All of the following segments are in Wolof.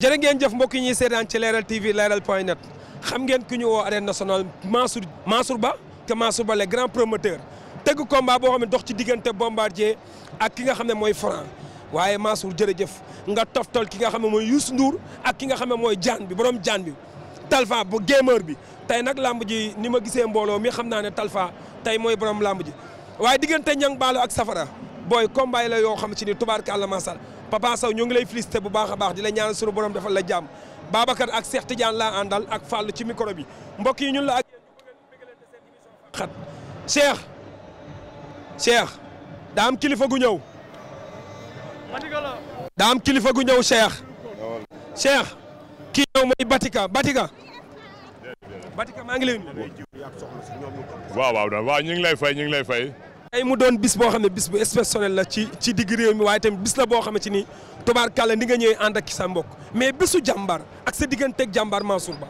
jërë ngeen jëf mbokk yi ñuy seetaan ci leeral TV leeral point net xam ngeen ku ñu woo arène nationale Mansour Mansour Ba te Mansour Ba le grand promoteur tëgg combat boo xam ne dox ci diggante Bombardier ak ki nga xam ne mooy Franc waaye Mansour jërëjëf nga toftal ki nga xam ne mooy Youssou Ndour ak ki nga xam ne mooy jaan bi borom jaan bi Talfa bu gamer bi tey nag lamb ji ni ma gisee mbooloo mi xam naa ne Talfa tey mooy borom lamb ji waaye diggante ñang baalo ak safara booy combat yi la yoo xam ci ni tubaarkàlla masal Papa Sow ñoo ngi lay félicité bu baax a baax di la ñaanal sunu borom defal la jàmm Babacar ak Cheikh Tidiane laa àndal ak Fallou ci micro bi mbokk yi ñun la ak Cheikh daa kilifa gu ñëw. daa kilifa gu ñëw Cheikh. Cheikh kii ñëw mooy Batika Batika. Batika maa ngi lay nuyu. waaw waaw waaw ñu ngi lay fay ñu ngi lay fay. tey mu doon bis boo xam ne bis bu exceptionnel la ci ci digg mi waaye tamit bis la boo xam ne ci ni tubaarkàlla ni nga ñëwee ànd ak sa mbokk mais bisu jàmbar ak sa digganteeg jàmbaar Mansour Ba.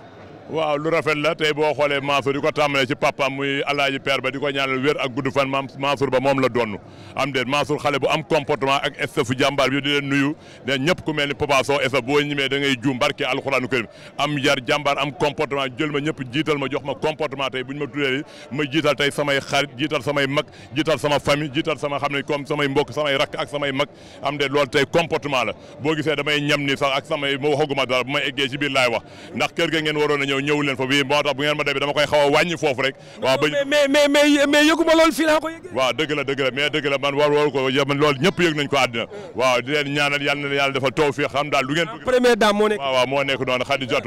waaw lu rafet la tey boo xoolee Mansour di ko tàmmalee ci papaam muy alaaji père ba di ko ñaanal wér ak gudd fan maam ba moom la doon am déet Mansour xale bu am comportement ak estafu jàmbaar bi ñëpp ku mel ni Papa Sow boo ñimee da ngay juum barke alxuraanu karim am yar jël ma ñëpp jiital ma jox ma comportement bu ñu ma tuddee ma jiital tey samay xarit jiital samay mag jiital sama famille jiital sama xam ne comme samay mbokk samay rakk ak samay mag am déet loolu tey comportement la boo gisee damay ñam ni sax ak samay ma waxaguma dara bu ma eggee ci biir laay wax ndax kër ga ngeen waroon a ñëw ñëw ñëwul leen fa moo tax bu ngeen ma demee dama koy xaw a wàññi foofu rek waaw ba mais mais yëguma loolu fii laa ko yëg la dëgg dëgg la man war war ko loolu ñëpp yëg nañ ko àddina waaw di leen ñaanal yàlla na yàlla dafa taw fii xam daal du ngeen première dame moo nekk waaw waaw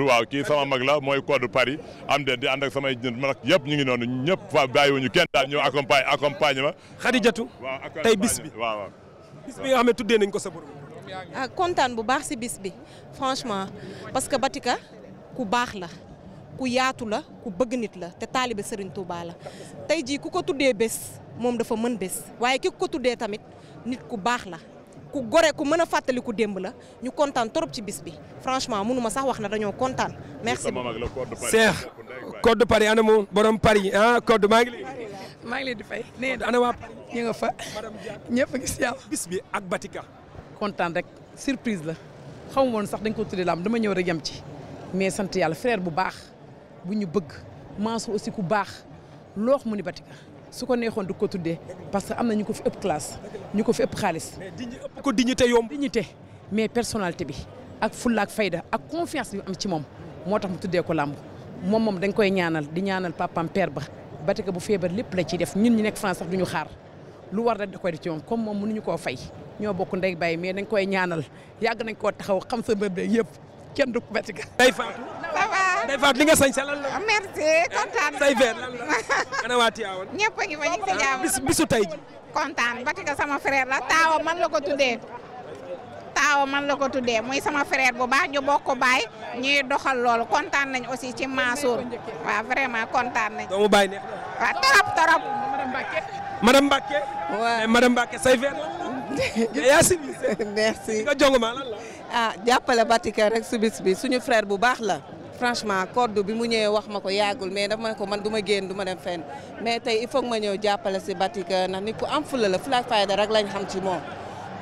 waaw kii sama mag la mooy code Paris am de di ànd ak samay ma nag yëpp ñu ngi noonu ñëpp fa kenn daal ñëw accompagne ma xadi tey bis bi nga xam ne tuddee ah, la ku yaatu la ku bëgg nit la te taalibe Serigne Touba la tey jii ku ko tuddee bés moom dafa mën bés waaye ki ko tuddee tamit nit ku baax la ku gore ku mën a fàttaliku démb la ñu kontaan trop ci bis bi franchement mënuma sax wax na dañoo kontaan. merci Cheikh code de Paris ana mu borom Paris ah code maa ngi lay. maa ngi leen di fay nee fa ñëpp gis bis bi ak Batika. kontaan rek surprise la xamu woon sax dañ ko tuddee laam dama ñëw rek yem ci mais sant yàlla frère bu baax. bu ñu bëgg Mansour aussi ku baax loox mu ni batika su ko neexoon du ko tuddee parce que am na ñu ko fi ëpp classe ñu ko fi ëpp xaalis. mais di ñu ëpp ko dignité yomb. mais personnalité bi ak fulla ak fayda ak confiance bi am ci moom moo tax mu tuddee ko làmb moom moom dañ koy ñaanal di ñaanal papam père ba batika bu feebar lépp la ciy def ñun ñu nekk France sax du ñu xaar. lu war da da koy def ci moom comme moom mënuñu koo fay ñoo bokku ndey bàyyi mais dañ koy ñaanal yàgg nañ koo taxaw xam sa mbëb yëpp kenn du ko bati ga. Ndeye Fatou. ça va Ndeye Fatou li nga sañ sa ah, merci kontaan say verre lan la. ñëpp a fa ñu ngi si jàmm. Ah, tey ji. kontaan bati ga sama frère la taawa man la ko tuddee. taawa man la ko tuddee muy sama frère bu baax ñu bokk baay ñuy doxal loolu kontaan nañ aussi ci Mansour waaw vraiment kontaan nañ. doomu baay neex na. waaw trop trop. madame Mbacke. Eh, say verre eh, jong ma ah jàppale Batika rek su bis bi suñu frère bu baax la franchement code bi mu ñëwee wax ma ko yàggul mais daf ma ko man du ma génn du ma dem fenn mais tey il faut ma ñëw jàppale si Batika ndax nit ku am fula la fula fayda rek lañ xam ci moom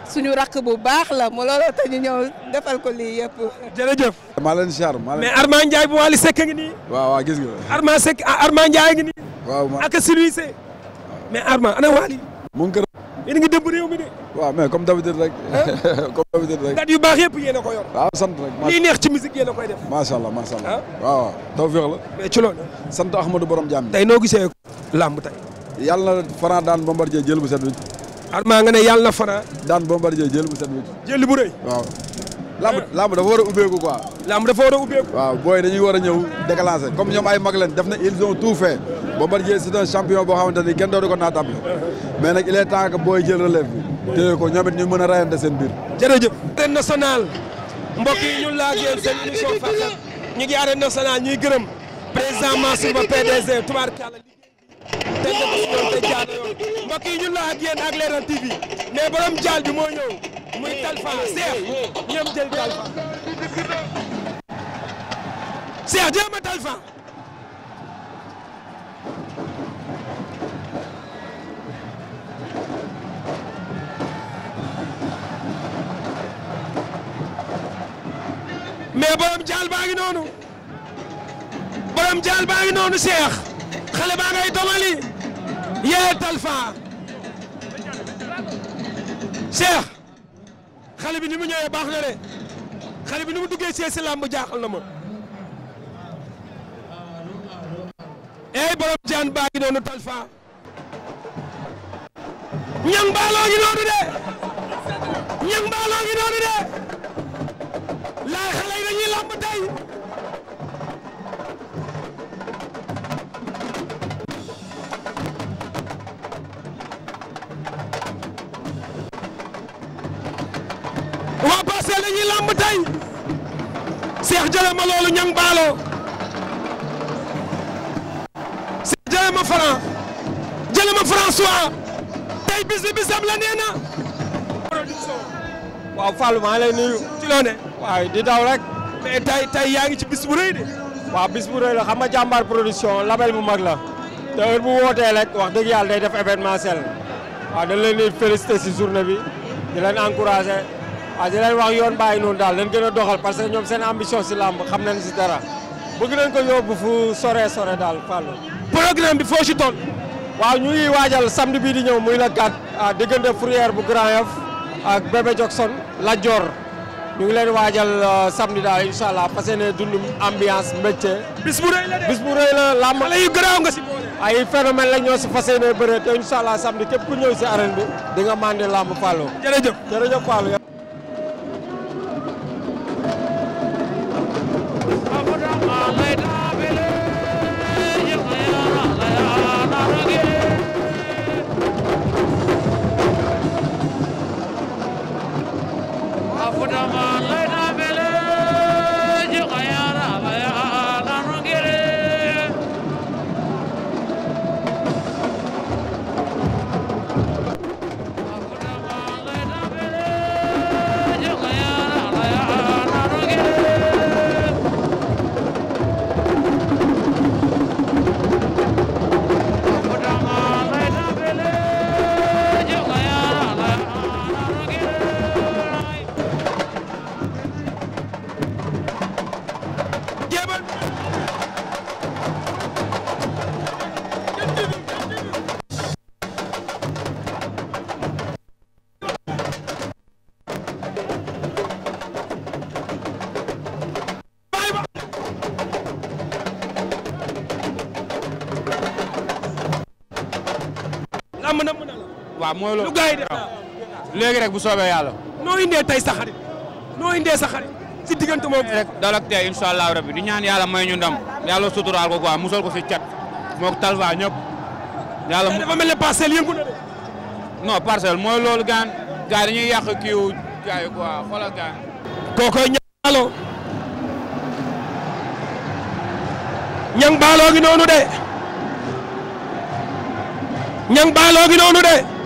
suñu rakk bu baax la mu looloo tax ñu ñëw defal ko lii yëpp. jërëjëf. maa leen si mais Armand Ndiaye bu Wally Seck ngi nii. ngi nii. waaw man ah, ak mais Armand ana Wally. mu kër yéen a ngi dëbb réew mi de. waaw mais comme d'habitude rek. comme d'habitude rek. dat yu baax yëpp yéen a ko yor. sant rek. lii neex ci musique yéen a koy def. macha allah macha allah. waaw waaw tawféex la. mais ci loolu. sant Ahmadou Borom Jaam. tey noo gisee làmb tey. yàlla na Franc daan jee jël bu set wicc. Arma nga ne yàlla na Franc. daan jee jël bu set wicc. jël bu rëy waaw. lamb lamb dafa war a a waaw booy dañuy war a ñëw comme ñoom ay mag leen def na ils ont tout fait Bombardier c'est un champion boo xamante ni kenn dootu ko naataam mais nag il est temps booy jël relève bi téye ko mën a rayante seen biir. jërëjëf. arène nationale ñun laa génn seen émission ñu ngi arène ñuy gërëm président Mansour Ba PDG tubaarkàlla liggéey bi teg na ko si yoon te jaana yoon mbokk yi ñun laa ak yéen ak Leral TV mais borom jaal bi moo ñëw. ci Talfa Cheikh ñoom jël Talfa Cheikh jéem a Talfa mais borom jaal baa ngi noonu borom jaal baa ngi noonu Cheikh xale baa ngay tomali yee Talfa Cheikh xale bi ni mu ñëwee baax na de xale bi ni mu duggee si làmb jaaxal na ma. ey borom jaan baa ngi noonu Talfa. ñang baaloo ngi noonu de. ñang baaloo ngi noonu de. laay xale yi dañuy làmb tey. waay Cheikh jëlee ma loolu ñang baaloo Cheikh jëlee ma Franc jëlee ma François maa ngi lay nuyu ci di daw rek mais tey tey yaa ngi ci bis bu rëy de waaw bis la xam nga jàmbaar production label bu mag la te heure bu wootee rek wax dëgg yàlla day def événementiel waaw dañ leen di féliciter ci journée bi di leen waaw ah, di leen wax yoon bàyyi noonu daal leen gën a doxal parce que ñoom seen ambition si làmb xam nañ si dara bëgg nañ ko yóbbu fu sore sore daal Fallou. programme bi foo si toll. waaw ñuy waajal samedi bii di ñëw muy la gàtt ah, diggante Fourrière bu Grand Yoff ak Bébé Jackson la Dior ñu ngi leen waajal euh, samedi daal incha allah fas yéene dund ambiance mbégte. bis bu la de bis bu làmb. nga si boole. ay phénomène la ñoo si fas yéene bëree te incha allah samedi ku ñëw si arène di nga màndi làmb Fallou. waaw mooy loolu. lu gars yi rek bu soobee yàlla. noo indee tey sa xarit noo indee sa si diggante moom rek dal ak di ñaan yàlla may ñu ndam yàlla suturaal ko quoi ko si cat moog talva ñëpp. yàlla mu dafa mel ne parcelle yëngu na de. non parcelle mooy gaan gars dañuy yàq kii wu gars yi quoi xoolal noonu de. ñang baaloo gi noonu de.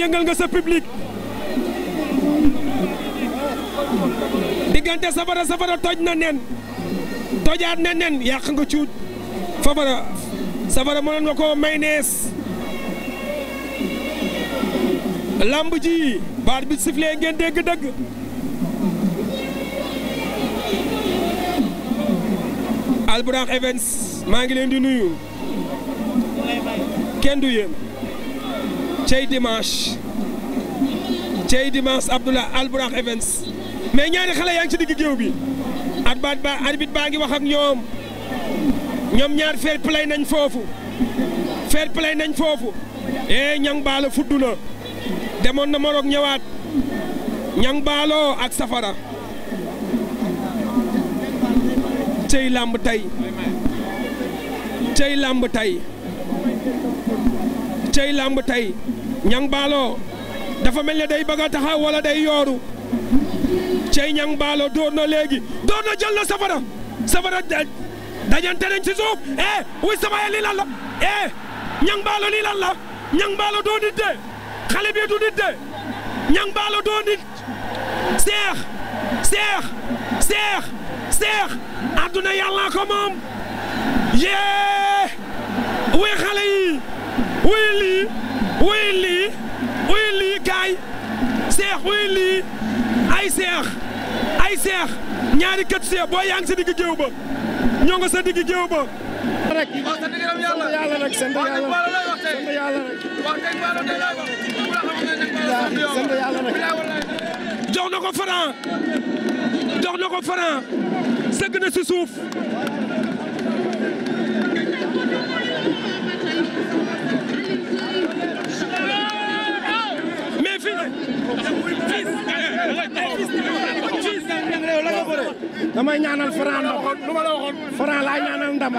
yëngal nga sa public diggante safara safara toj na nen tojaat na nen yàq nga cuuj safara safara mënoon nga ko maynees làmb ji baat bi siflee ngeen dégg dëgg Albourakh Events maa ngi leen di nuyu kenn du yéen cey dimanche cey dimanche Abdoulaye Albourakh Events mais ñaari xale yaa ngi ci digg géew bi at baat ba arbitre baa ngi wax ak ñoom ñoom ñaar fair play nañ foofu fair play nañ foofu eh ñang baalo fudd demoon na Maroc ñëwaat ñang baalo ak safara cey làmb tey cey làmb tey ñang baalo dafa mel ne day bëgg a taxaw wala day yooru cey ñang baalo door na léegi door na jël na safara safara dajante ci suuf eh wuy sama yee eh, lii lan la ñang baalo lii lan ñang baalo doo de xale du nit de ñang baalo doo nit seex seex seex seex àdduna yàllaa ko moom yee wuy xale yi wuy lii wuy lii wuy lii kaay seex wuy lii ay seex ay seex ñaari kët seex boo yaa ngi sa digg géew ba ñoo nga digg géew ba jox na ko Franc jox na ko Franc sëgg na si suuf damay ñaanal Franc ndam lu ma la waxoon Franc laay ñaanal ndam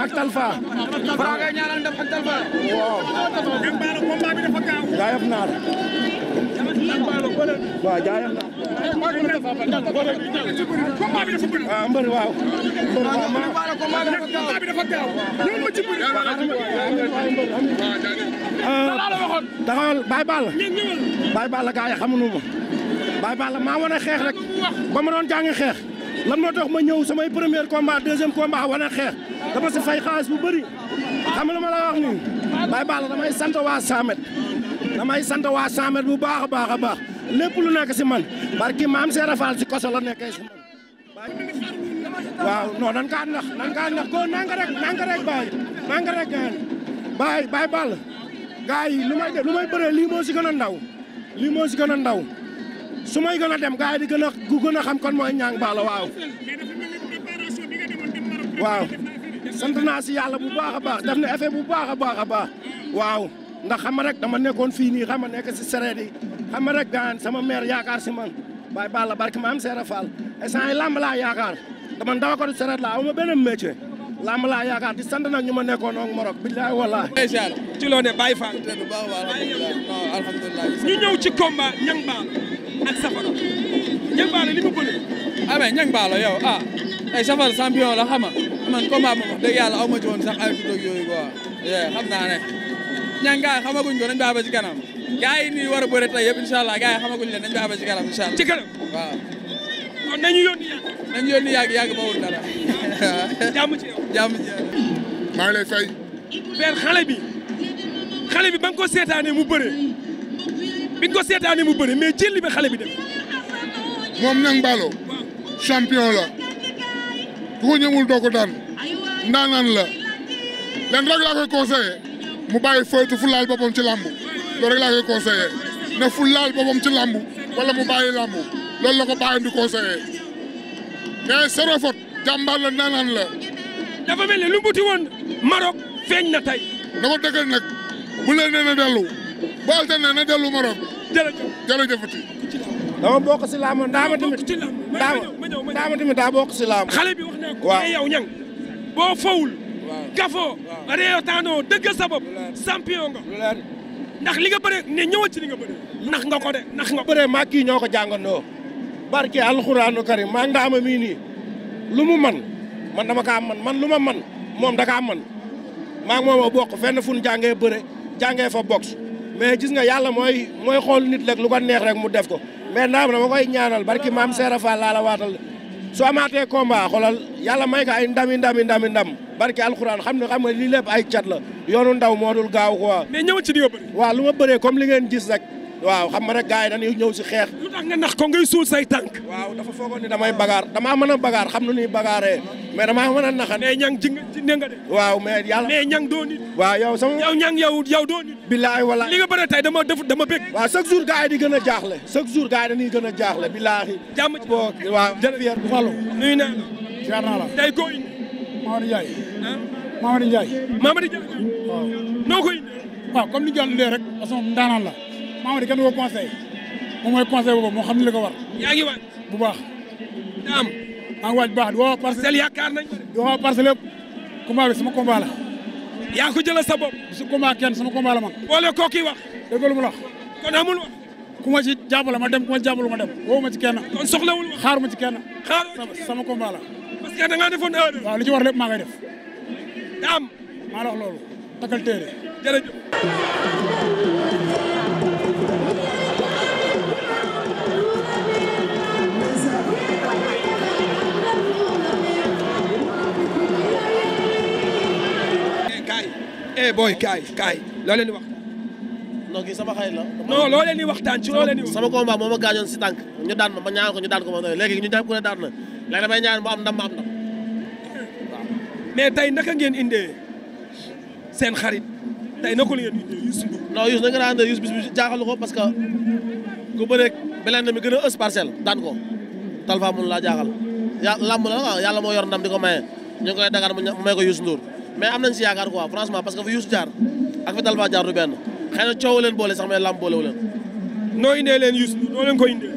waaw mbër waaw. mbër waaw maa maa bi dafa gaaw. ñëw ma ci bëri. taxawal Baye Balla. Baye Balla gars yi xamuñu ma. Baye Balla maa wane xeex rek. ba ma doon jàng xeex. lan moo tax ma ñëw samay premier combat deuxième combat wane xeex. dama si fay xaalis bu bëri. xam nga lu ma la wax nii. Baye Balla damay sant waa 100 m. damay sant waa 100 m bu baax a baax a baax. lépp lu nekk si man barki maam Seera Faal si koso nekkee si man. waaw non nan kaa nax nan kaa nax koo nanga rek ka rek baay nanga rek gaan baay baay ball gars lu may def lu may bëree lii moo si gën a ndaw lii moo si gën a ndaw su may gën a dem gars di gën a gu gën a xam kon mooy ñaang baala waaw waaw sant naa si yàlla bu baax baax def na effet bu baax a baax a baax waaw ndax xam rek dama nekkoon fii nii xam nekk si sereet yi xam rek gaan sama mère yaakaar si man waaye Balla barki maam Seera Fall instant yi làmb laa yaakaar dama ndaw ko sereet laa aw ma benn métier làmb laa yaakaar di sant nag ñu ma nekkoon ak Morok billaay wallaay. ci loo ne Baye Fall. alhamdulilah ñu ñëw ci combat Niang Ballo ak Safara Niang Ballo li mu bëri. ah mais Niang Ballo yow ah ay la xama dëgg yàlla aw ma ci woon sax ay tudd ak yooyu quoi xam naa ne. ñaan gars yi xamaguñ ko nañ baax ba ci kanam gars yi nii war a bëre tey yëpp incha allah gars yi xamaguñ leen nañ baax ba ci kanam incha allah ci kanam waaw kon nañu yónni yàgg nañu yónni yàgg yàgg bawul dara jàmm ci yow jàmm ci yow maa ngi lay xale bi xale bi ba ko seetaanee mu bëre bi nga ko seetaanee mu bëre mais jëlli ba xale bi def moom nag Mballo champion la ku ko ñëmul doo ko daan ndaanaan la leen rek laa koy conseillé mu bàyyi foytu fu laal ci làmb loolu rek laa koy conseillé na fu laal boppam ci làmb wala mu bàyyi làmb la ko bàyyi di conseillé mais zéro faute jàmbaar la naanaan la. dafa mel ne lu mu woon Maroc feeñ na tey. na ko dëggal nag bu leen nee na dellu bu altan nee na dellu Maroc. jërëjëf jërëjëfati. dama bokk si làmb daama tamit daama daama tamit daa bokk si làmb. xale bi wax na ko yow ñang boo fawul. gafoo reyotaanoo dëggal sa bopp champion nga ndax li nga bëre ne ñëwal ci li nga bëre ndax nga ko de ndax nga bëre maa kii ñoo ko jàngandoo barke alxuraanu karim maa ngi ama mii nii lu mu man man dama kaa man man lu ma man moom da kaa man maa ngi moom a bokk fenn fu ñu jàngee bëre jàngee fa box mais gis nga yàlla mooy mooy xool nit rek lu ko neex rek mu def ko mais naam dama koy ñaanal barki maam Seera Fall laa la waatal su amaatee combat xoolal yàlla may ko ay i ndami ndami ndam barke alxuraan xam ne xam nga lii lépp ay cat la yoonu ndaw moo dul gaaw quoi. mais ñëw ci di nga bëri. waaw lu ma bëree comme li ngeen gis rek waaw xam nga rek gars yi dañuy si xeex. lu tax nga nax ko ngay suul say tànk. waaw dafa foogoon ni damay bagaar damaa mën a bagaar xam nu ñuy bagaaree mais damaa mën a naxan. mais ñang ji nga de. waaw mais yàlla mais ñang doo nit. waaw yow sama yow ñang yow yow doo nit. bilaay walaay li nga bëri tey dama def dama bëgg. waaw chaque jour gars yi di gën a jaaxle. chaque jour gars yi dañuy gën a jaaxle bilaahi. jàmm ci boo waaw jërëjëf Fallou. nuyu naa la. jaar naa la tey koo indi. Mamadou Ndiaye. Ah. Mamadou Ndiaye. Mamadou Ndiaye. waaw noo ko indi. waaw comme ni nga rek façon la Mamady kenn du ko conseil moom mooy conseil boobu moo xam ne li ko war. yaa ngi waaj bu baax. daa am maa ngi waaj baax di woo parce que yaakaar nañ di woo parce que lépp combat bi sama combat yaa ko jëlee sa bopp. su combat kenn sama combat la man. boole koo kii wax. dégg lu mu wax. kon amul wax. ku ma ci ma dem ku ma ci ma dem woo ma ci kenn. kon soxlawul xaar ma ci kenn. xaar sama combat la. parce que da ngaa defoon erreur. waaw li ci war lépp maa ngay def. daa am maa la eh booy kaay kaay loo leen di wax. kii sama xarit la. non loo leen di waxtaan ci loo leen di. moo ma si tànk ñu daan ma ma ñaan ko ñu daan ko ma nooy léegi ñu ma am ndam waaw. mais tey naka ngeen indee seen xarit tey naka la ngeen indee Youssou ko parce que ku bëreeg beneen na mi gën a ës daan ko talfa mun laa jaaxal yàlla làmb la ah, yàlla moo yor ndam di ko maye ñu ngi dagaan mu may ko Youssou Ndour mais am nañ si yaakaar quoi franchement parce que fi Youssou jaar ak fi Talfa jaar du benn xëy na coow leen boole sax mais làmb boolewu leen. noo indee leen Youssou noo leen ko indee.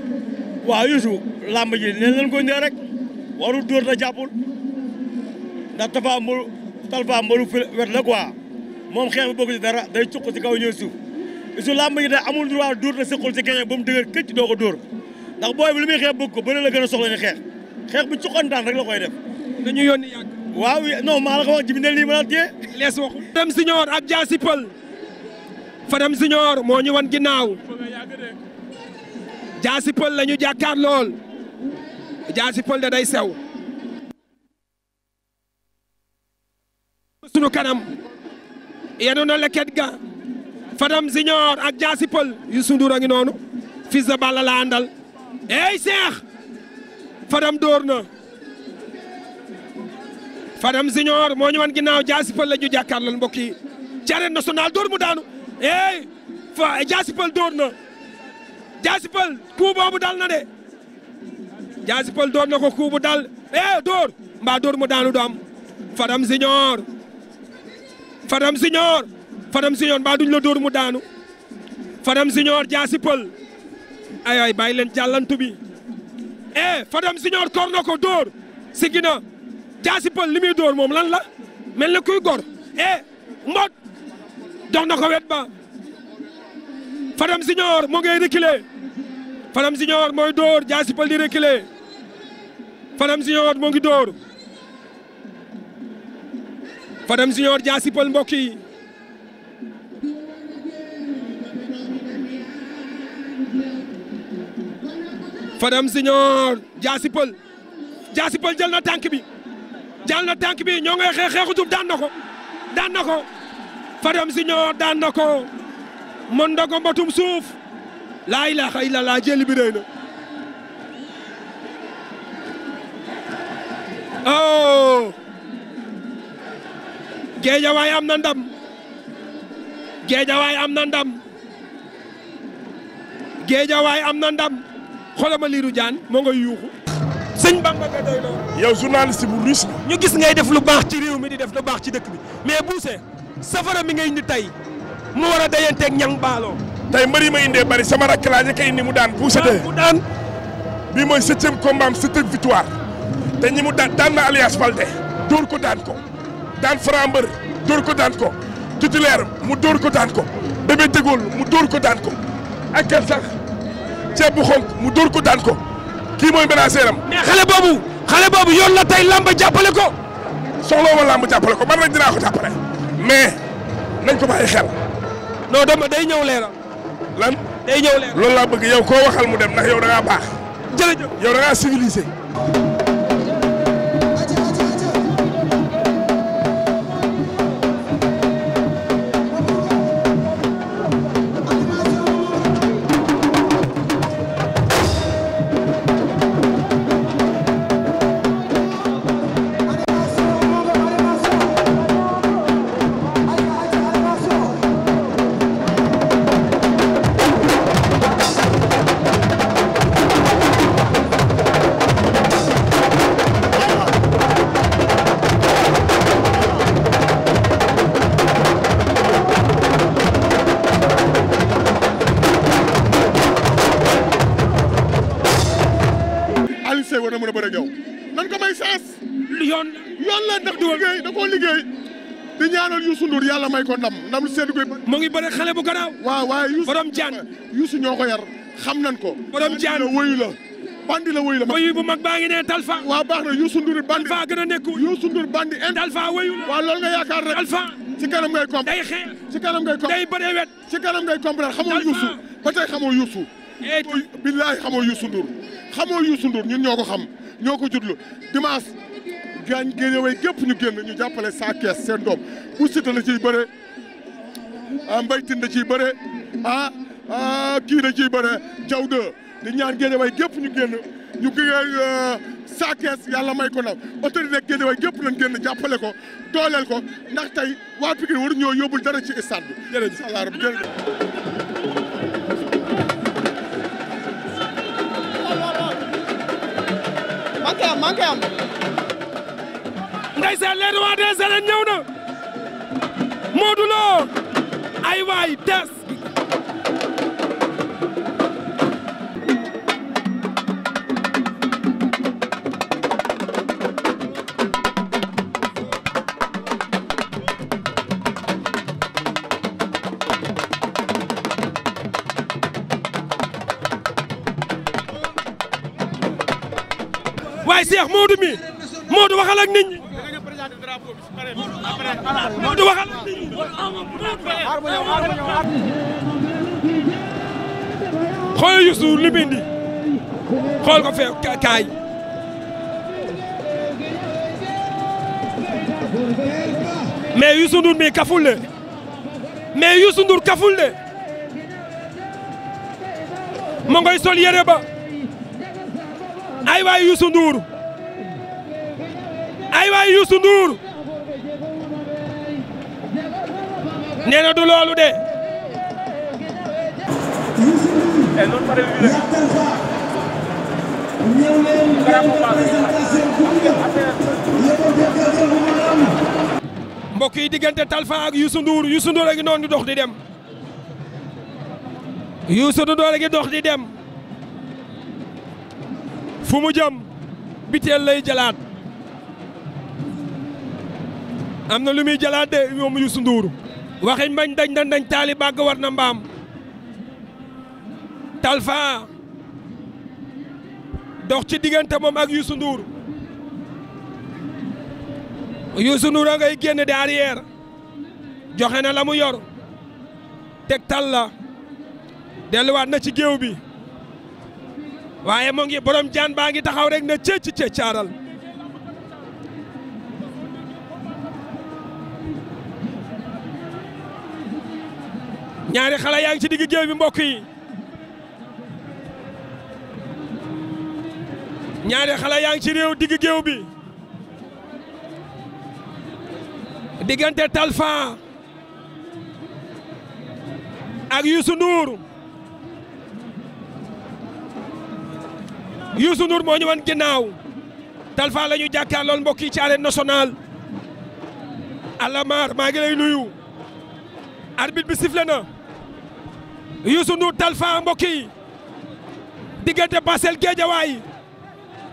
waaw Youssou làmb ji nee leen ko indee rek waru dóor la jàppul ndax Tafa mbalu Talfa mbalu wet la quoi moom xeex bi bëgg si dara day cuq si kaw ñëw suuf Youssou làmb ji da amul droit dóor la sëqul si keneen ba mu dëgër këcc doo ko dóor ndax booy bi li muy xeex bëgg ko bëri la gën a soxla ñu xeex xeex bi cuqantaan rek la koy def. dañuy yónni yàgg. waaw non maa la ko wax ji bi lees waxu. Fadam Siñoor ak Jaasi Pël Fadam Siñoor moo ñu wan ginnaaw Jaasi Pël la ñu lool Jaasi Pël da sew. sunu kanam yenu na leket ga Fadam Siñoor ak Jaasi Pël yu sundur ngi noonu fils de Balla la àndal. ey Seex Fadam dóor Fadam Junior moo ñu wan ginnaaw Diassy Peulh la ñu jàkkaarloo mbokk yi ci arène nationale mu daanu eh fa Diassy Peulh dóor na Diassy Peulh coup dal na de Diassy Peulh na ko coup bu dal eh dóor mbaa dóor mu daanu du Fadam Junior Fadam Junior Fadam Junior mbaa duñ la dóor mu daanu Fadam Junior Diassy Peulh ay ay bàyyi leen jàllantu bi eh Fadam Junior kor na ko dóor sigina jaasi pël li muy dóor moom lan la mel na kuy gor eh mbot dox na ko wet ba Fadam Siñoor moo ngay reculer Fadam Siñoor mooy dóor jaasi pël di reculer Fadam Siñoor moo ngi dóor Fadam Siñoor jaasi pël mbokk yi Fadam Siñoor jaasi na tànk bi jàll na tànk bi ñoo ngay xeex xeexu daan na ko daan na ko Fadam si ñoo daan na ko mën ndogo mbatum suuf laa ilaha illallah jëli bi rëy na oh Géejawaay am na ndam Géejawaay am na ndam am na ndam xoolal ma liiru jaan moo ngay yuuxu sëñ Bamba nga doy loolu. yow journaliste bu russe nga. ñu gis ngay def lu baax ci réew mi di def lu baax ci dëkk bi mais Bousse safara mi nga indi tey mu war a dayanteeg ñang baaloo. tey yi ma indee bari sama rakk laa njëkk a indi mu daan Bousse de. mu bii mooy septième combat am septième victoire te ñi mu daan daan na Alias Baldé dóor ko daan ko daan Franc Mbeur dóor ko daan ko titulaire mu dóor ko daan ko bébé Dégol mu dóor ko daan ko ak sax ceeb bu xonk mu dóor ko daan ko. kii mooy menaceur am. mais xale boobu xale boobu yoon la tey làmb jàppale ko. soxla ma làmb jàppale ko man rek dinaa ko jàppale mais nañ ko bàyyi xel. non dama day ñëw leeral. lan day ñëw loolu laa bëgg yow koo waxal mu dem ndax yow da ngaa baax. jërëjëf yow da ko ndam ndam lu seen guy. mu ngi bëri xale bu gannaaw. waaw waaye Youssou borom jaan ñoo ko yar xam nan ko. borom jaan la wëyu la. bandi la wëyu la. wëyu bu mag baa ngi ne Talfa. waaw baax na Youssou Ndour bandi. Talfa a nekk Youssou Ndour bandi. Talfa wëyu la waaw loolu nga yaakaar rek. Talfa ci kanam ngay comprendre. day xeex ci kanam ngay comprendre day bëree wet. ci kanam ngay comprendre xamoo Youssou. ba tey xamoo Youssou. Eh, billaay xamoo Youssou Ndour. xamoo Youssou Ndour ñun ñoo ko xam ñoo ko judlu dimanche gaañ Guédiawaye gépp ñu génn ñu jàppale Sa Thiès seen doom bu Siteu la ciy bëre ah, Mbaye Tine da ciy bëre ah ah kii ñaan Guédiawaye gépp ñu génn ñu gëgee euh, Sa Thiès yàlla may ko naw autorité Guédiawaye gépp nañ génn jàppale ko dooleel ko ndax tey waa Pikine waru ñoo yóbbul dara ci stade bi jërëjëf incha allah jërëjëf manqué am ndeysaan les rois des arènes ñëw na Modou Lo ay waay tees waay Cheikh Modou mi Modou waxal ak nit ñi xool Youssou li mu indi xool ko fee kaay. mais Youssou Ndour mi kaful de mais Youssou Ndour kaful de ma ngoy sol yére ba ay waay Youssou Ndour ay waay Youssou Ndour nee na yi diggante Talfa ak Youssou Ndour Youssou Ndour a ngi noonu di dox di dem. Youssou Ndour a ngi dox di dem. fu mu jëm biteel lay jalaat am na lu muy jalaat de moom Youssou waxiñ mbañ dañ dañ dañ taali bàgg war na mbaam talfa dox ci diggante moom ak Youssou nduur Youssou Ndour a ngay génn derrière joxe na la mu yor teg tal la delluwaat na ci géew bi waaye moo ngi borom jaan baa ngi taxaw rek na cëcc cëccaaral ñaari xale yaa ngi ci digg géew bi mbokk yi ñaari xale yaa ngi ci réew digg géew bi diggante Talfa ak Youssou Ndour Youssou Ndour moo ñu wan ginnaaw Talfa la ñu jàkkaarlool mbokk yi ci arène nationale Alamar maa ngi lay nuyu arbitre bi sifflé Youssou Ndour Talfa mbokk yi diggante Parcelles Guédiawaye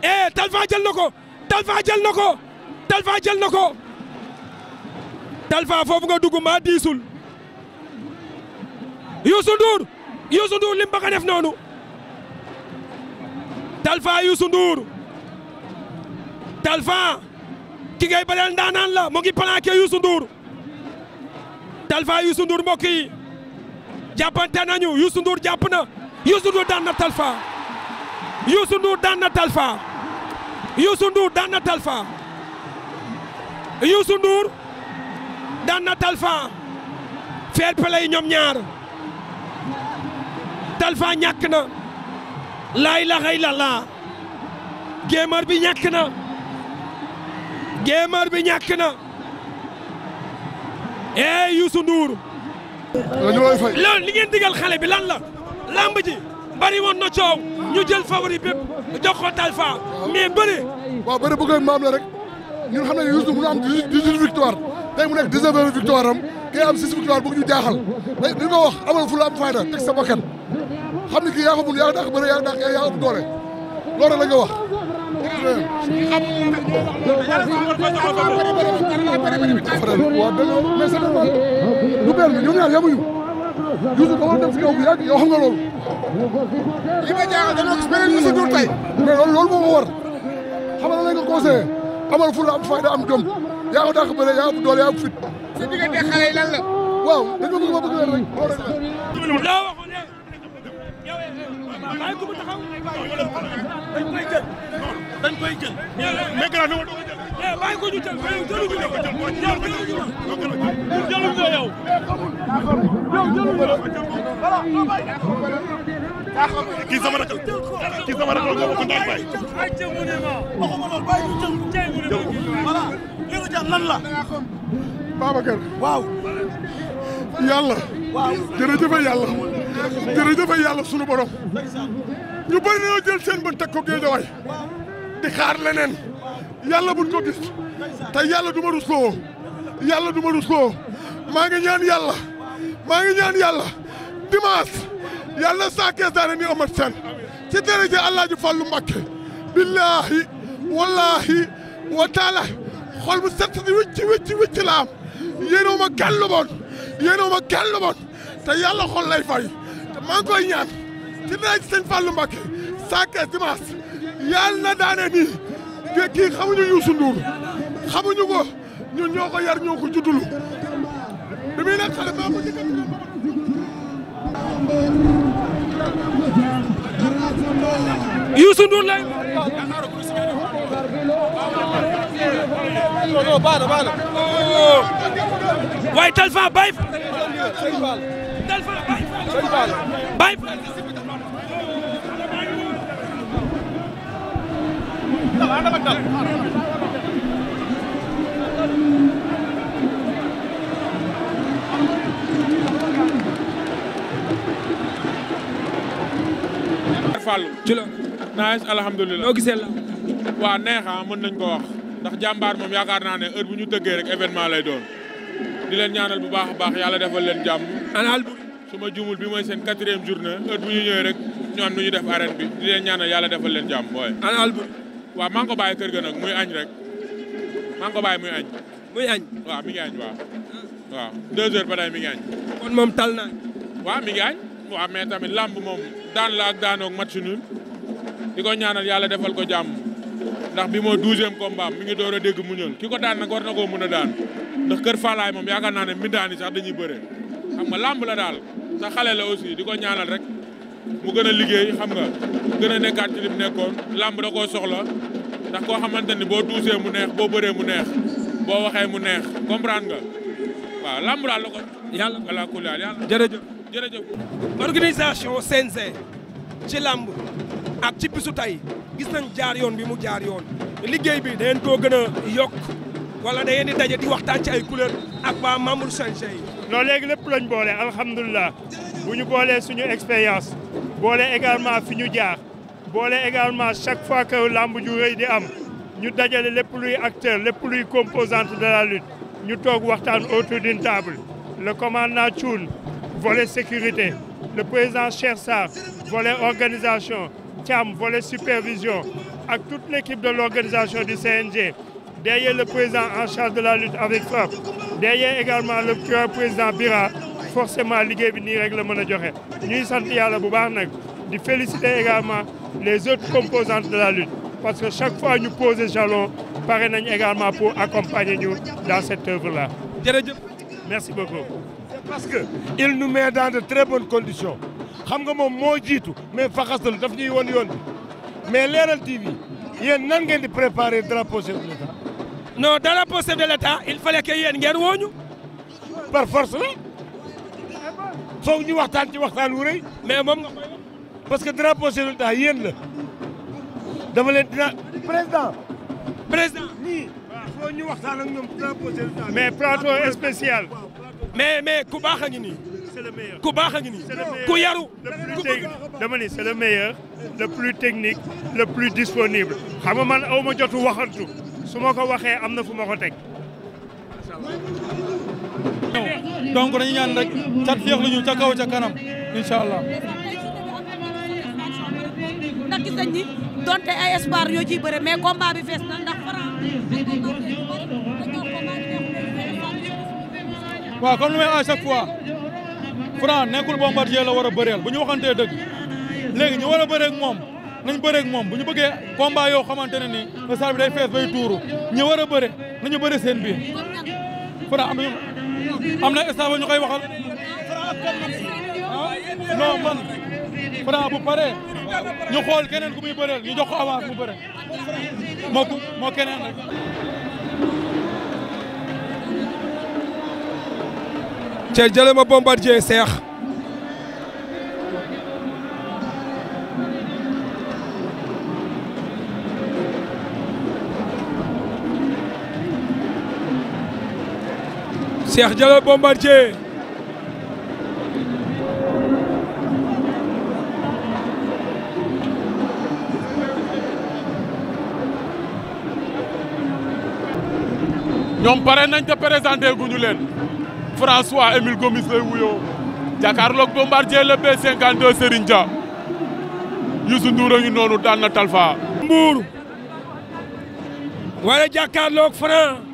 eh Talfa jël na ko Talfa jël na ko Talfa jël na ko Talfa foofu nga dugg maa diisul Youssou Ndour Youssou Ndour lim def noonu Talfa Youssou Ndour Talfa ki ngay baleel la mu ngi planqué Youssou Ndour Talfa Youssou Ndour jàppante nañu Youssou Ndour jàpp na Youssou Ndour daan na Talfa Youssou Ndour daan na Talfa Youssou Ndour daan na Talfa Youssou Ndour daan na Talfa fair play ñoom ñaar Talfa ñàkk na laa ilaaha illallaah bi ñàkk na gémar bi ñàkk na ee eh Youssou Ndour loolu li ngeen digal xale bi lan la lamb ji bari woon na coow ñu jël favori bépp jox ko Talfa mais bëri. waaw bëri bu koy maam la rek ñun xam nañu Youssou mu am 18 victoire tey mu nekk 19 victoire am kii am 6 victoire bëgg ñu jaaxal day li nga wax amal fu la am fayda teg sa bakkan xam ni kii yaa ko mun yaa ko dàq yaa ko dàq la nga wax. xam Youssou dama dem si kaw bu yàgg yow xam nga loolu. li ma jaaxal dañoo gis beneen Youssou Ndour tey. mais loolu loolu moo ko war xam nga lan nga conseillé amal fulla am fayda am jom yaa ko dàq bëre yaa ko doole yaa ko fit. sa diggante xale yi lan la. waaw dañoo bëgg ma bëgg leen rek. waaye ku mu waaw yàlla jërëjëf yàlla jërëjëf yàlla sunu borom ñu bëri nañoo jël seen bët teg ko géejawaay di xaar leneen yàlla ko gis te yàlla du ma rusloo yàlla du ma rusloo maa ngi ñaan yàlla maa ngi ñaan yàlla dimanche yàlla saa kees daane ni amat seen ci daraja Alaaji Fàllu Mbàkke billaahi wallaahi wa xol bu set di wicc wicc wicc la am yéenoo ma gàllu boon yéenoo ma gàllu boon te yàlla lay fay maa ngi koy ñaan ci naa ci sëñ Fallou Mbacké saa kees dimanche yàlla na daane nii te kii xamuñu Youssou Ndour xamuñu ko ñun ñoo yar ñoo ko juddulu bi muy nekk xale maa ko jëkkat Youssou Ndour lay waaye Talfa Baye Fall Fall ci la nice alhamdulilah noo gisee la waa neexa ah, mën nañ ko wax ndax jàmbaar moom yaakaar naa ne bu ñu tëggee rek événement lay doon di leen ñaanal bu baax a baax yàlla defal leen jàmm su ma juumul bi mooy seen quatrième journée heure bu ñu rek ñu am nu ñu def arène bi di leen ñaanal yàlla defal leen jàmm booy. ana albur. waa maa ngi ko bàyyi kër ga nag muy añ rek maa ngi ko bàyyi muy añ. muy añ. waaw mi ngi añ waaw. waaw deux heures mi ngi añ. kon moom tal na. waa mi ngi añ. waaw mais tamit làmb moom daan la ak daanoog match nul di ko ñaanal yàlla defal ko jàmm ndax bi moo douzième combat mi ngi door a mu ñëw ki ko daan nag war na koo mën a daan ndax moom yaakaar naa ne mbindaani sax dañuy bëre xam nga làmb la daal. te xale la aussi di ko ñaanal rek mu gën a liggéey xam nga gën a nekkaat ci li mu nekkoon làmb da koo soxla ndax koo xamante ni boo tuusee mu neex boo bëree mu neex boo waxee mu neex comprendre nga waaw làmb daal la ko. yàlla balaa Koulibal yàlla jërëjëf jërëjëf. organisation CNG ci làmb ak ci bisu tey gis nañ jaar yoon bi mu jaar yoon liggéey bi da koo gën a yokk wala da ngeen di daje di waxtaan ci ay couleur ak waa membre CNG yi. non léegi lépp lañ boole alhamdulilah bu ñu boolee suñu expérience boole également fi ñu jaar boole également chaque fois que làmb ju rëy di am ñu dajale lépp luy acteur lépp luy composante de la lutte ñu toog waxtaan autour d'une table le commandant Thioune volet sécurité le président Cheikh Sarr volet organisation Thiam vole supervision ak toute l'équipe de l'organisation du CNG derrière le président en charge de la lutte avec frappe derrière également le président Bira forcément liggéey bi nii rek la mën a joxe ñuy sant yàlla bu baax nag di féliciter également les autres composantes de la lutte parce que chaque fois ñu poser jalon pare nañ également pour accompagner ñu dans cette œuvre là. jërëjëf merci beaucoup. parce que il nous met dans de très bonnes conditions xam nga moom moo jiitu mais faxasal daf ñuy won yoon bi mais Leral TV yéen nan ngeen di préparer drapeau non dans la poste il fallait que yéen ngeen wooñu par force la foog ñu waxtaan ci waxtaan wu rëy mais moom nga parce que drapeau chef de l'État yéen la dama leen dina président président nii foog ñu waxtaan ak ñoom mais plateau mais mais ku baax a ngi nii c'est ku baax a ngi nii ku yaru dama ni c'est le meilleur le plus technique le plus disponible xam nga man ma jotu waxantu su ma ko waxee am na fu ma ko teg. donc dañu ñaan rek cat féexlu ñu ca kaw ca kanam incha allah. ndax gis nañ ni donte ay espoir ñoo ciy bëre mais combat bi fees na ndax Franc. waaw comme lu may à chaque fois Franc nekkul bombardier la war a bëreel bu ñu waxantee dëgg léegi ñu war a bëree moom. nañ bëreeg moom bu ñu bëggee combat yoo xamante ne nii le fees bay tuuru ñu war a bëre nañu bëre seen biir. Fra a am na stade ñu koy waxal ah, non man Fra bu ñu xool keneen ku muy ñu jox ko avance mu bëre moo keneen rek. Cheikh Jalle ma bombardier Cheikh. Cheikh Diallo Bombardier ñoom pare nañ te présenté guñu leen François Émile Gomis lay wuyoo jàkkaarloog Bombardier le B52 Serigne Dia Youssou Ndour a noonu daan na Talfa Mbour wala jàkkaarloog Franc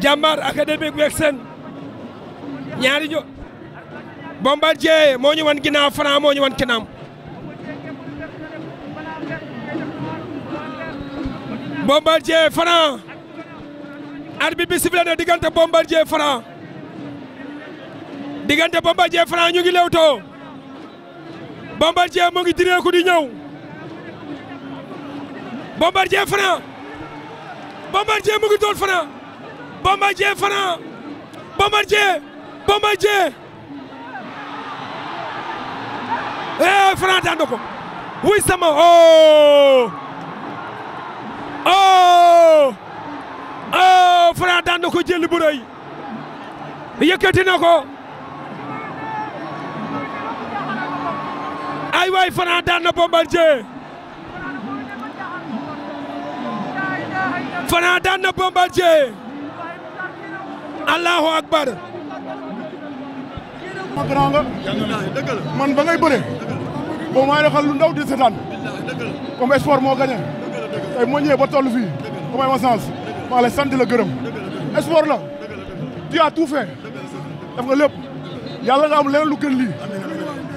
jàmbaar académique weeg seen ñaari jo Bombardier moo ñu wan ginnaaw Franc moo ñu wan ginnaaw Bombardier Franc arbitre bi sifflé na diggante Bombardier Franc diggante Bombardier Franc ñu ngi lewtoo Bombardier mu ngi direeku di ñëw Bombardier Franc Bombardier mu ngi doon Franc Bombardier Franc Bombardier Bombardier eh Franc daan na ko wuy sama oh oh oh Franc daan na ko jël bu rëy yëkkati na ko ay waay Franc daan na Bombardier Franc daan na Bombardier allahu akbar. ma grand nga. man ba ngay bëre. boobu maa ngi lu ndaw di seetaan. comme sport moo gagné. tey moo ñëwee ba toll fii. comme ay ma sens. maa lay sant la gërëm. sport la. tu as tout fait. nga lépp. yàlla nga am leneen lu gën lii.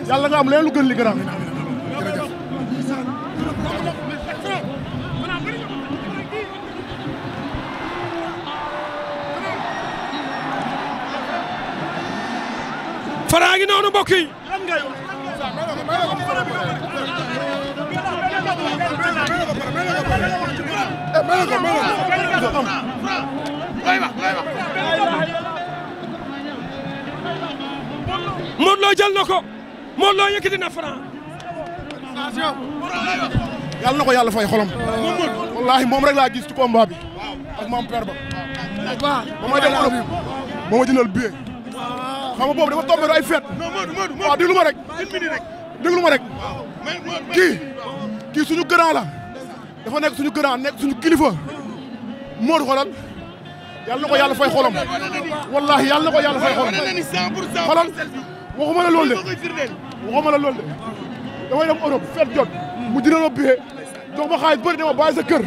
yàlla nga am leneen lu gën lii grand. Franc ngi noonu mbokk yi Modou Lo jël na ko Modou Lo yëkkati na Franc yàlla na ko yàlla fay xolam wallaahi moom rek laa gis ci combat bi ak maam père ba ba xam nga boobu dafa tombé ay fête. non Modou Modou waaw ma rek. déglu ma rek kii kii suñu grand la dafa nekk suñu grand nekk suñu kilifa Modou xoolal yàlla na ko yàlla fay xolam wallaahi yàlla na ko fay xolam xoolal waxuma de waxuma de dafay dem Europe fête jot mu jëndaloo billet jox ma xaalis bëri ne ma bàyyi sa kër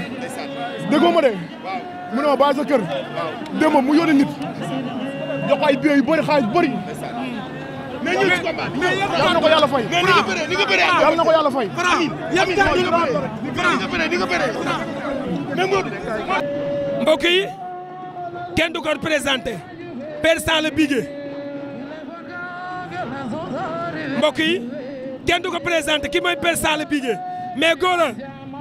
déggoo ma de mu ne ma bàyyi sa kër démb mu yónni nit. jox ko ay billets yu bëri xaalis bëri. mais ñun ci combat mais yal na ko yàlla fay. mais ni nga bëree ni nga bëree ak. yal na ko yàlla fay. amiin amiin amiin ni nga bëree ni nga bëree. mais Modou. mbokk yi kenn du ko présenté Père Salla Bigué mbokk yi kenn du ko présenté ki mooy Père Salla Bigué mais góora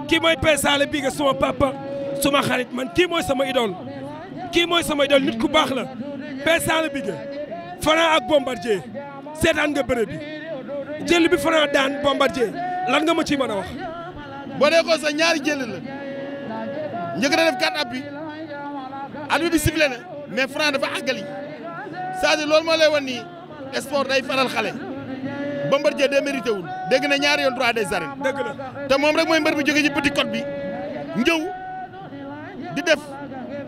ki mooy Père Salla Bigué suma papa suma xarit man kii mooy sama idole kii mooy sama idole nit ku baax la. pe Vincent Lambigué Franc ak Bombardier seetaan nga bëre bi jël bi Franc daan Bombardier lan nga ma ciy mën a wax. boo dee ko ñaari jël la njëkk na def quatre appuis arbitre bi sifflé na mais Franc dafa àggali c'est-à-dire loolu moo lay wan nii sport day faral xale. Bombardier de mérité wul dégg na ñaari yoon droit des arènes. dëgg na te moom rek mooy mbër bi jóge ci petit code bi ñëw di def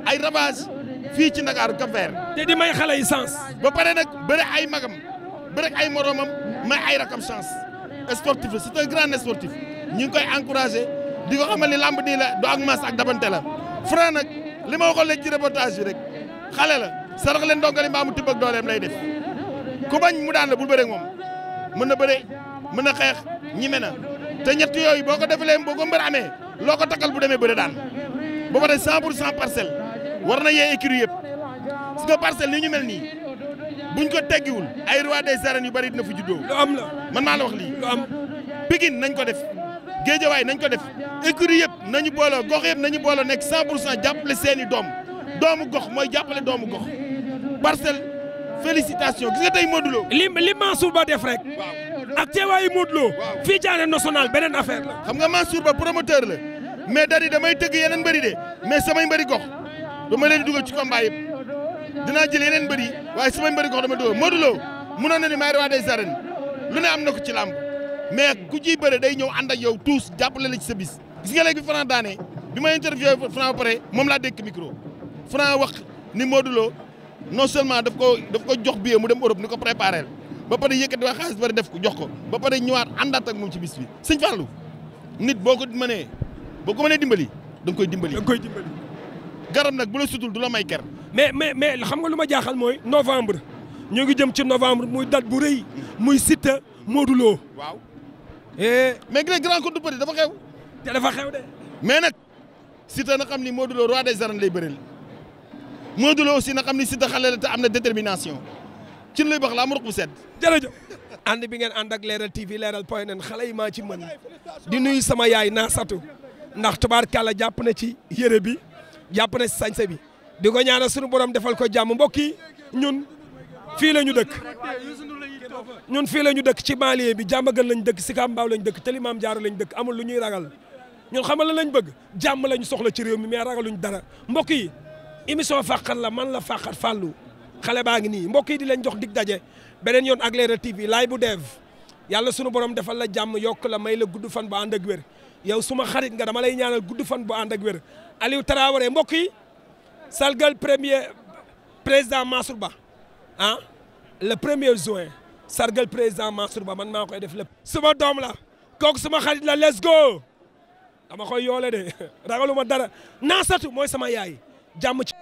ay ravage fii ci Ndakaaru Cap te di may xale yi sens ba pare nag bëri ay magam bëri ay moroomam may ay rakam chance sportif la c'est un grand sportif ñu ngi koy encouragé di ko xamal ni làmb nii la du ak mas ak dabante la Franc nag li ma waxoon leen ci reportage bi rek xale la sarax leen dongali mbaa mu tibb ak dooleem lay def ku mu daan la bul bëre moom mën na bëre mën na xeex ñime na te ñett yooyu boo ko defalee boo ko mbër amee loo ko takkal bu demee bëre daan ba pare 100 pour 100 parcelle war na yee écurie yëpp su nga parcelle li ñu mel nii buñ ko teggiwul ay roi des yu bari na fu juddoo. lu am la man maa la wax lii. lu am Pikine nañ ko def Géejawaay nañ ko def écurie yëpp nañu booloo gox yëpp nañu booloo nekk 100 pour cent jàppale seen seeni doom doomu gox mooy jàppale doomu gox parcelle félicitation gis nga tey Modou Lo. li li Mansour Ba def rek. ak teewaayu Modou Lo. waaw fii ci arène nationale beneen affaire xam nga Mansour Ba promoteur la mais dari damay tëgg yeneen mbëri de mais samay mbëri gox. ba ma leen dugal ci combat yëpp dinaa jël yeneen mbër yi waaye su ma mbëri gox dama dóor Modou Lo mënoon na ni maay roi des arènes lu ne am na ku ci làmb mais ku ciy bëre day ñëw ànd ak yow tous jàppale la ci sa bis gis nga léegi bi Franc daane bi ma interviewé Franc ba moom laa dékk micro Franc wax ni Modou Lo non seulement daf ko daf ko jox billet mu dem Europe ni ko préparé ba pare yëkkati wax xaalis bari def ko jox ko ba pare ñëwaat àndaat ak moom ci bis bi sëñ nit boo ko mënee boo ko mënee dimbali da koy dimbali. da koy dimbali. garab nag bu la sutul du la may ker. mais mais mais xam nga lu ma jaaxal mooy novembre ñoo ngi jëm ci novembre muy date bu rëy muy Siteu Modou Lo. waaw. Eh. mais gis grand contre petit dafa xew. te dafa xew de. mais nag Siteu na xam ni Modou Lo roi des arènes lay bëreel Modou aussi na xam ni Siteu xale la am na détermination ci lay bax la am ruq bu sedd. jërëjëf. ànd bi ngeen ànd ak leeral TV leeral point net xale yi maa ci mën di nuyu sama yaay naa satu ndax tubaar tubaarkàlla jàpp na ci yére bi. jàpp na si sañse bi di ko ñaanal suñu borom defal ko jàmm mbokk yi ñun fii la ñu dëkk ñun fii la ñu dëkk ci banlieue bi gën lañ dëkk Sicap Mbao lañ dëkk Tëlimaam jaar lañ dëkk amul lu ñuy ragal ñun xamal la lañ bëgg jàmm lañ soxla ci réew mi mais ragaluñ dara mbokk yi émission fàqat la man la fàqat fàllu xale baa ngi nii mbokk yi di lañ jox dig daje beneen yoon ak Leral TV laay bu deev yàlla sunu borom defal la jàmm yokk la may la gudd fan ba ànd ak yow suma xarit nga dama yi ñaanal gudd fan bu ànd ak wér Aliou Traoré mbokk yi sargal premier président Mansour Ba ah le premier juin sargal président Mansour Ba man maa koy def lépp. suma doom la kooku suma xarit la let's go dama koy yoole de ragaluma dara naasatu mooy sama yaay jàmm ci.